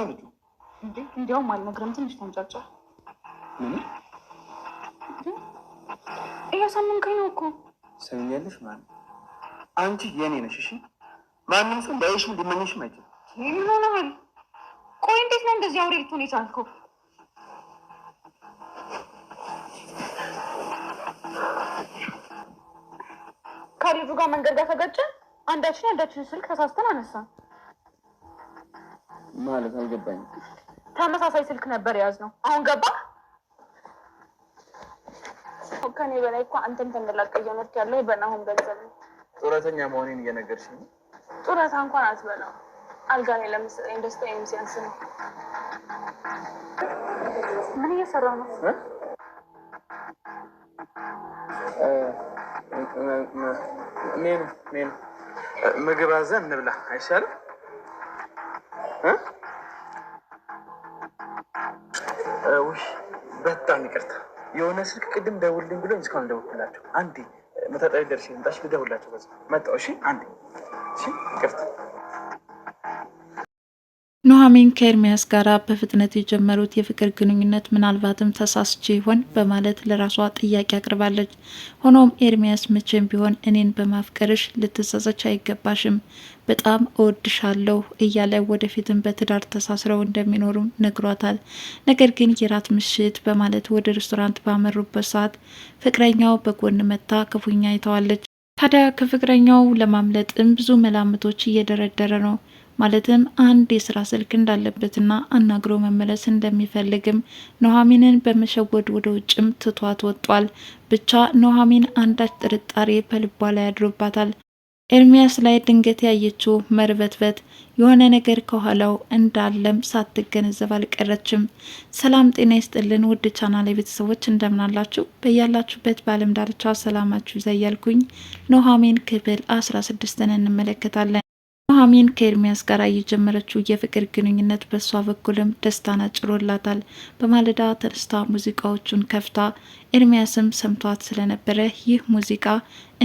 ማለት ነው እንዴ? እንዲያውም አልነግረም። ትንሽ ተንጫጫ። ምን እያሳመንከኝ ነው እኮ ሰኛለሽ። ማለት አንቺ የኔ ነሽ። እሺ ማንም ሰው ላይሽም ሊመኝሽም አይችልም። ምን ሆነሃል? ቆይ እንዴት ነው እንደዚህ አውሬ ልትሆን የቻልከው? ከልጁ ጋር መንገድ ጋር ተጋጨን። አንዳችን አንዳችን ስልክ ተሳስተን አነሳን። ማለት አልገባኝ። ተመሳሳይ ስልክ ነበር የያዝነው። አሁን ገባ። ከኔ በላይ እኮ አንተን ተንደላቀ እየመርክ ያለው በናሁን ገንዘብ ጡረተኛ መሆኔን እየነገርሽ ነው። ጡረታ እንኳን አትበላው። አልጋ ላይ ለምስጠኝ ደስታ ሲያንስ ነው። ምን እየሰራ ነው? ምግብ አዘን እንብላ አይሻልም? በጣም ይቅርታ የሆነ ስልክ ቅድም ደውልልኝ ብሎ እስካሁን ደውልላቸው። አንዴ መታጠቢያ ደርሼ ልምጣ ልደውላቸው። በዛ መጣሁ። እሺ አንዴ፣ እሺ ይቅርታ ኑሐሚን ከኤርሚያስ ጋር በፍጥነት የጀመሩት የፍቅር ግንኙነት ምናልባትም ተሳስቼ ይሆን በማለት ለራሷ ጥያቄ አቅርባለች። ሆኖም ኤርሚያስ መቼም ቢሆን እኔን በማፍቀርሽ ልትጸጸች አይገባሽም፣ በጣም እወድሻለሁ እያለ ወደፊትም በትዳር ተሳስረው እንደሚኖሩ ነግሯታል። ነገር ግን የራት ምሽት በማለት ወደ ሬስቶራንት ባመሩበት ሰዓት ፍቅረኛው በጎን መታ ክፉኛ አይተዋለች። ታዲያ ከፍቅረኛው ለማምለጥም ብዙ መላምቶች እየደረደረ ነው። ማለትም አንድ የስራ ስልክ እንዳለበትና አናግሮ መመለስ እንደሚፈልግም ኖሃሚንን በመሸወድ ወደ ውጭም ትቷት ወጧል። ብቻ ኖሃሚን አንዳች ጥርጣሬ በልቧ ላይ ያድሮባታል። ኤርሚያስ ላይ ድንገት ያየችው መርበትበት የሆነ ነገር ከኋላው እንዳለም ሳትገነዘብ አልቀረችም። ሰላም ጤና ይስጥልን ውድ ቻናል የቤተሰቦች እንደምናላችሁ በያላችሁበት በዓለም ዳርቻ ሰላማችሁ ይዛ እያልኩኝ ኑሐሚን ክፍል አስራ ስድስትን እንመለከታለን። ኑሐሚን ከኤርሚያስ ጋር እየጀመረችው የፍቅር ግንኙነት በእሷ በኩልም ደስታን አጭሮላታል። በማለዳ ተነስታ ሙዚቃዎቹን ከፍታ ኤርሚያስም ሰምቷት ስለነበረ ይህ ሙዚቃ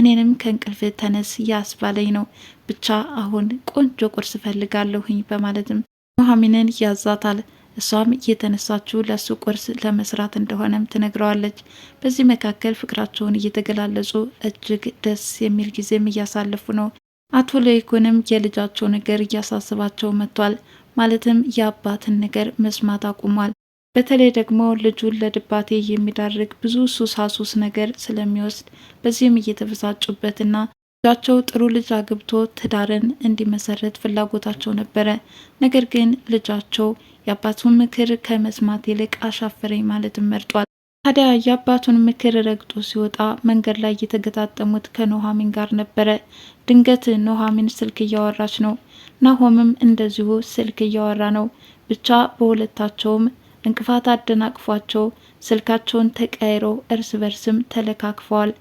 እኔንም ከእንቅልፍ ተነስ ያስባለኝ ነው፣ ብቻ አሁን ቆንጆ ቁርስ ፈልጋለሁኝ በማለትም ኑሐሚንን ያዛታል። እሷም እየተነሳችው ለሱ ቁርስ ለመስራት እንደሆነም ትነግረዋለች። በዚህ መካከል ፍቅራቸውን እየተገላለጹ እጅግ ደስ የሚል ጊዜም እያሳለፉ ነው። አቶ ለይኩንም የልጃቸው ነገር እያሳስባቸው መጥቷል። ማለትም የአባትን ነገር መስማት አቁሟል። በተለይ ደግሞ ልጁን ለድባቴ የሚዳርግ ብዙ ሱሳሱስ ነገር ስለሚወስድ በዚህም እየተበሳጩበትና ልጃቸው ጥሩ ልጅ አግብቶ ትዳርን እንዲመሰረት ፍላጎታቸው ነበረ። ነገር ግን ልጃቸው የአባቱን ምክር ከመስማት ይልቅ አሻፈረኝ ማለትም መርጧል። ታዲያ የአባቱን ምክር ረግጦ ሲወጣ መንገድ ላይ የተገጣጠሙት ከኖሃሚን ጋር ነበረ። ድንገት ኖሃሚን ስልክ እያወራች ነው፣ ናሆምም እንደዚሁ ስልክ እያወራ ነው። ብቻ በሁለታቸውም እንቅፋት አደናቅፏቸው ስልካቸውን ተቀይሮ እርስ በርስም ተለካክፈዋል።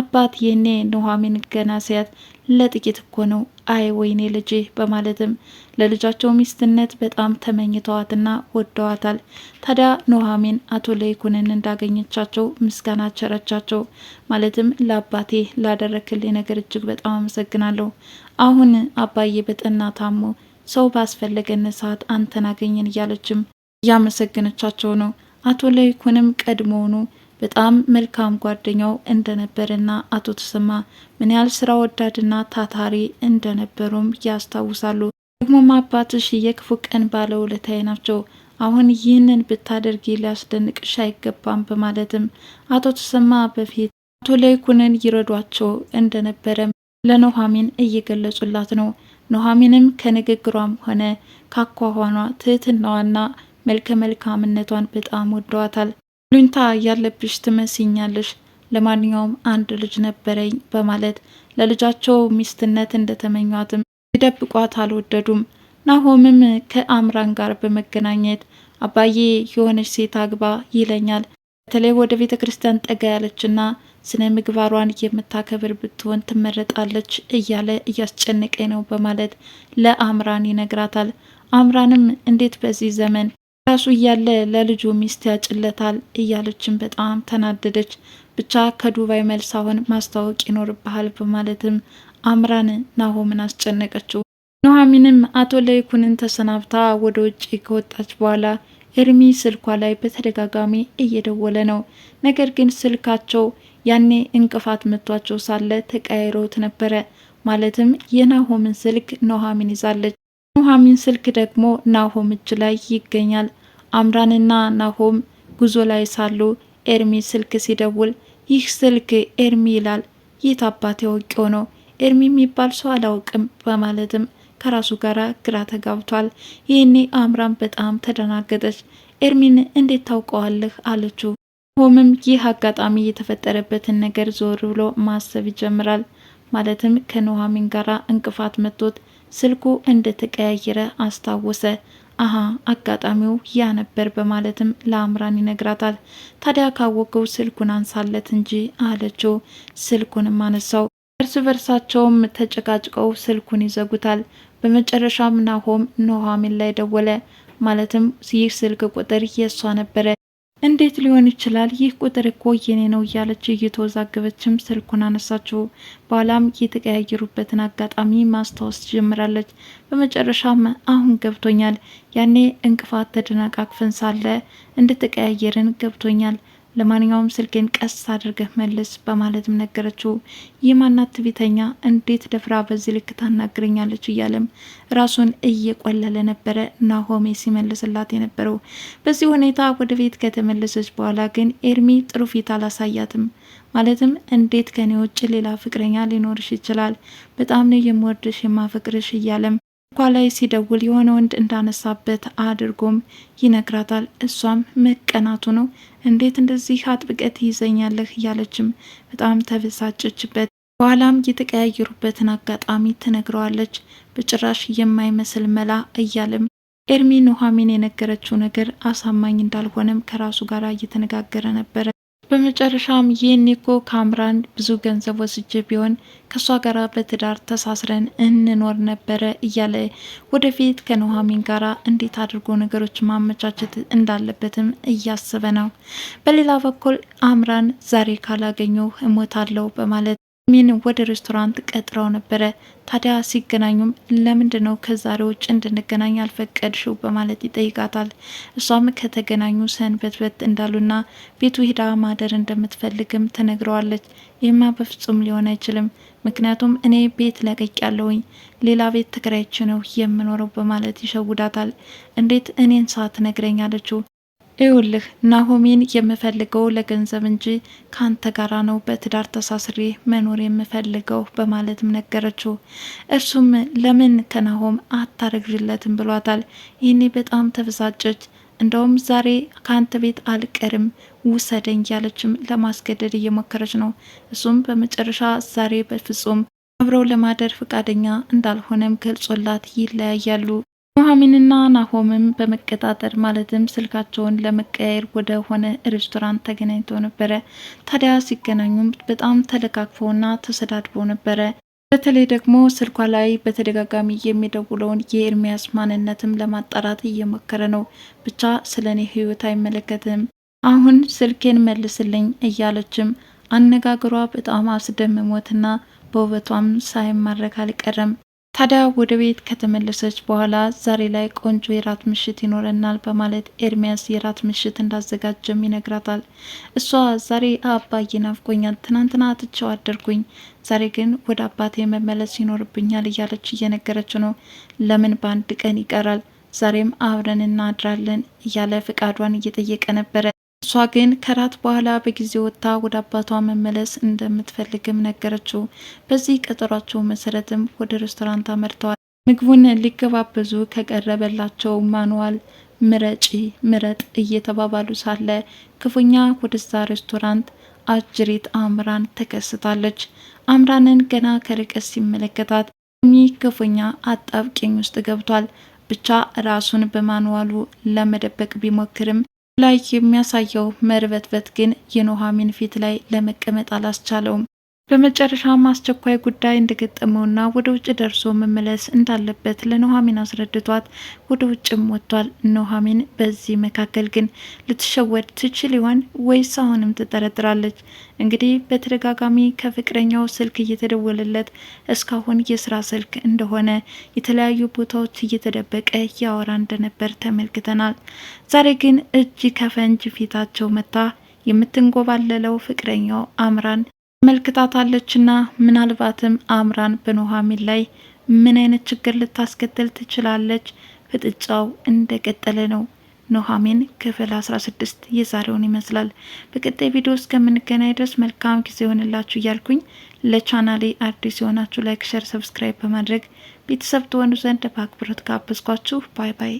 አባት ይህኔ ኖሃሚን ገና ሲያት ለጥቂት እኮ ነው አይ ወይኔ ልጄ በማለትም ለልጃቸው ሚስትነት በጣም ተመኝተዋትና ወደዋታል። ታዲያ ኑሐሚን አቶ ለይኩንን እንዳገኘቻቸው ምስጋና ቸረቻቸው። ማለትም ለአባቴ ላደረክልኝ ነገር እጅግ በጣም አመሰግናለሁ። አሁን አባዬ በጠና ታሞ ሰው ባስፈለገን ሰዓት አንተን አገኘን እያለችም እያመሰገነቻቸው ነው። አቶ ለይኩንም ቀድሞውኑ በጣም መልካም ጓደኛው እንደነበረና አቶ ተሰማ ምን ያህል ስራ ወዳድና ታታሪ እንደነበሩም ያስታውሳሉ። ደግሞም አባትሽ የክፉ ቀን ባለውለታዬ ናቸው፣ አሁን ይህንን ብታደርጊ ሊያስደንቅሽ አይገባም በማለትም አቶ ተሰማ በፊት አቶ ለይኩንን ይረዷቸው እንደነበረም ለኖሃሚን እየገለጹላት ነው። ኖሃሚንም ከንግግሯም ሆነ ካኳኋኗ ትህትናዋና መልከ መልካምነቷን በጣም ወደዋታል። ሉኝታ እያለብሽ ትመስኛለሽ። ለማንኛውም አንድ ልጅ ነበረኝ በማለት ለልጃቸው ሚስትነት እንደተመኟትም ሊደብቋት አልወደዱም። ናሆምም ከአምራን ጋር በመገናኘት አባዬ የሆነች ሴት አግባ ይለኛል። በተለይ ወደ ቤተ ክርስቲያን ጠጋ ያለችና ስነ ምግባሯን የምታከብር ብትሆን ትመረጣለች እያለ እያስጨነቀኝ ነው በማለት ለአምራን ይነግራታል። አምራንም እንዴት በዚህ ዘመን ራሱ እያለ ለልጁ ሚስት ያጭለታል እያለችን በጣም ተናደደች። ብቻ ከዱባይ መልስ አሁን ማስታወቅ ይኖርብሃል በማለትም አምራን ናሆምን አስጨነቀችው። ኑሐሚንም አቶ ለይኩንን ተሰናብታ ወደ ውጭ ከወጣች በኋላ ኤርሚ ስልኳ ላይ በተደጋጋሚ እየደወለ ነው። ነገር ግን ስልካቸው ያኔ እንቅፋት መቷቸው ሳለ ተቀያይረውት ነበረ። ማለትም የናሆምን ስልክ ኑሐሚን ይዛለች። ኑሐሚን ስልክ ደግሞ ናሆም እጅ ላይ ይገኛል። አምራንና ናሆም ጉዞ ላይ ሳሉ ኤርሚ ስልክ ሲደውል ይህ ስልክ ኤርሚ ይላል። የት አባት ያወቂው ነው ኤርሚ የሚባል ሰው አላውቅም በማለትም ከራሱ ጋር ግራ ተጋብቷል። ይህኔ አምራን በጣም ተደናገጠች። ኤርሚን እንዴት ታውቀዋለህ አለችው። ሆምም ይህ አጋጣሚ የተፈጠረበትን ነገር ዞር ብሎ ማሰብ ይጀምራል። ማለትም ከኑሐሚን ጋር እንቅፋት መጥቶት ስልኩ እንደተቀያየረ አስታወሰ። አሀ አጋጣሚው ያ ነበር በማለትም ለአምራን ይነግራታል። ታዲያ ካወቀው ስልኩን አንሳለት እንጂ አለችው። ስልኩንም አነሳው። እርስ በርሳቸውም ተጨቃጭቀው ስልኩን ይዘጉታል። በመጨረሻም ናሆም ኑሐሚን ላይ ደወለ። ማለትም ይህ ስልክ ቁጥር የእሷ ነበረ። እንዴት ሊሆን ይችላል? ይህ ቁጥር እኮ የኔ ነው እያለች እየተወዛገበችም ስልኩን አነሳችው። በኋላም የተቀያየሩበትን አጋጣሚ ማስታወስ ትጀምራለች። በመጨረሻም አሁን ገብቶኛል፣ ያኔ እንቅፋት ተደነቃቅፈን ሳለ እንድትቀያየርን ገብቶኛል ለማንኛውም ስልኬን ቀስ አድርገህ መልስ በማለትም ነገረችው። የማናት ትቢተኛ እንዴት ደፍራ በዚህ ልክ ታናግረኛለች እያለም ራሱን እየቆለለ ነበረ ናሆሜ ሲመልስላት የነበረው። በዚህ ሁኔታ ወደ ቤት ከተመለሰች በኋላ ግን ኤርሚ ጥሩ ፊት አላሳያትም። ማለትም እንዴት ከኔ ውጭ ሌላ ፍቅረኛ ሊኖርሽ ይችላል? በጣም ነው የምወድሽ የማፈቅርሽ እያለም እንኳ ላይ ሲደውል የሆነ ወንድ እንዳነሳበት አድርጎም ይነግራታል። እሷም መቀናቱ ነው እንዴት እንደዚህ አጥብቀህ ትይዘኛለህ እያለችም በጣም ተበሳጨችበት። በኋላም የተቀያየሩበትን አጋጣሚ ትነግረዋለች። በጭራሽ የማይመስል መላ እያለም ኤርሚ ኑሐሚን የነገረችው ነገር አሳማኝ እንዳልሆነም ከራሱ ጋር እየተነጋገረ ነበረ። በመጨረሻም ይህ እኮ ካምራን ብዙ ገንዘብ ወስጄ ቢሆን ከእሷ ጋር በትዳር ተሳስረን እንኖር ነበረ እያለ ወደፊት ከኑሐሚን ጋር እንዴት አድርጎ ነገሮች ማመቻቸት እንዳለበትም እያሰበ ነው። በሌላ በኩል አምራን ዛሬ ካላገኘሁ እሞታለሁ በማለት ሚን ወደ ሬስቶራንት ቀጥረው ነበረ። ታዲያ ሲገናኙም ለምንድን ነው ከዛሬ ውጭ እንድንገናኝ አልፈቀድሽው በማለት ይጠይቃታል። እሷም ከተገናኙ ሰንበትበት እንዳሉና ቤቱ ሄዳ ማደር እንደምትፈልግም ተነግረዋለች። ይህማ በፍጹም ሊሆን አይችልም፣ ምክንያቱም እኔ ቤት ለቀቅ ያለውኝ ሌላ ቤት ተከራይቼ ነው የምኖረው በማለት ይሸውዳታል። እንዴት እኔን ሳትነግረኝ አለችው። ይውልህ ናሆሜን የምፈልገው ለገንዘብ እንጂ ካንተ ጋራ ነው በትዳር ተሳስሬ መኖር የምፈልገው በማለትም ነገረችው። እርሱም ለምን ከናሆም አታረግዥለትም ብሏታል። ይህኔ በጣም ተበሳጨች። እንደውም ዛሬ ከአንተ ቤት አልቀርም ውሰደኝ ያለችም ለማስገደድ እየሞከረች ነው። እሱም በመጨረሻ ዛሬ በፍጹም አብረው ለማደር ፈቃደኛ እንዳልሆነም ገልጾላት ይለያያሉ። ኑሐሚንና ናሆምም በመቀጣጠር ማለትም ስልካቸውን ለመቀያየር ወደ ሆነ ሬስቶራንት ተገናኝተው ነበረ። ታዲያ ሲገናኙም በጣም ተለካክፈውና ተሰዳድበው ነበረ። በተለይ ደግሞ ስልኳ ላይ በተደጋጋሚ የሚደውለውን የኤርሚያስ ማንነትም ለማጣራት እየሞከረ ነው። ብቻ ስለ እኔ ህይወት አይመለከትም፣ አሁን ስልኬን መልስልኝ እያለችም አነጋገሯ በጣም አስደምሞትና በውበቷም ሳይማረክ አልቀረም። ታዲያ ወደ ቤት ከተመለሰች በኋላ ዛሬ ላይ ቆንጆ የራት ምሽት ይኖረናል በማለት ኤርሚያስ የራት ምሽት እንዳዘጋጀም ይነግራታል። እሷ ዛሬ አባዬ ናፍቆኛል፣ ትናንትና ትቼው አደርጉኝ ዛሬ ግን ወደ አባቴ መመለስ ይኖርብኛል እያለች እየነገረች ነው። ለምን በአንድ ቀን ይቀራል፣ ዛሬም አብረን እናድራለን እያለ ፍቃዷን እየጠየቀ ነበረ። እሷ ግን ከራት በኋላ በጊዜ ወጥታ ወደ አባቷ መመለስ እንደምትፈልግም ነገረችው። በዚህ ቀጠሯቸው መሰረትም ወደ ሬስቶራንት አመርተዋል። ምግቡን ሊገባበዙ ከቀረበላቸው ማንዋል ምረጪ ምረጥ እየተባባሉ ሳለ ክፉኛ ወደዛ ሬስቶራንት አጅሪት አምራን ተከስታለች። አምራንን ገና ከርቀት ሲመለከታት ሚ ክፉኛ አጣብቂኝ ውስጥ ገብቷል። ብቻ ራሱን በማንዋሉ ለመደበቅ ቢሞክርም ላይ የሚያሳየው መርበትበት ግን የኑሐሚን ፊት ላይ ለመቀመጥ አላስቻለውም። በመጨረሻም አስቸኳይ ጉዳይ እንደገጠመውና ወደ ውጭ ደርሶ መመለስ እንዳለበት ለኑሐሚን አስረድቷት ወደ ውጭም ወጥቷል። ኑሐሚን በዚህ መካከል ግን ልትሸወድ ትችል ይሆን ወይስ አሁንም ትጠረጥራለች? እንግዲህ በተደጋጋሚ ከፍቅረኛው ስልክ እየተደወለለት እስካሁን የስራ ስልክ እንደሆነ የተለያዩ ቦታዎች እየተደበቀ ያወራ እንደነበር ተመልክተናል። ዛሬ ግን እጅ ከፈንጅ ፊታቸው መታ የምትንጎባለለው ፍቅረኛው አምራን መልክታታለችና ምናልባትም አምራን በኑሐሚን ላይ ምን አይነት ችግር ልታስከትል ትችላለች? ፍጥጫው እንደቀጠለ ነው። ኑሐሚን ክፍል 16 የዛሬውን ይመስላል። በቀጣይ ቪዲዮ እስከምንገናኝ ድረስ መልካም ጊዜ ይሆንላችሁ እያልኩኝ ለቻናሌ አዲስ የሆናችሁ ላይክ፣ ሸር፣ ሰብስክራይብ በማድረግ ቤተሰብ ትሆኑ ዘንድ በአክብሮት ጋበዝኳችሁ። ባይ ባይ።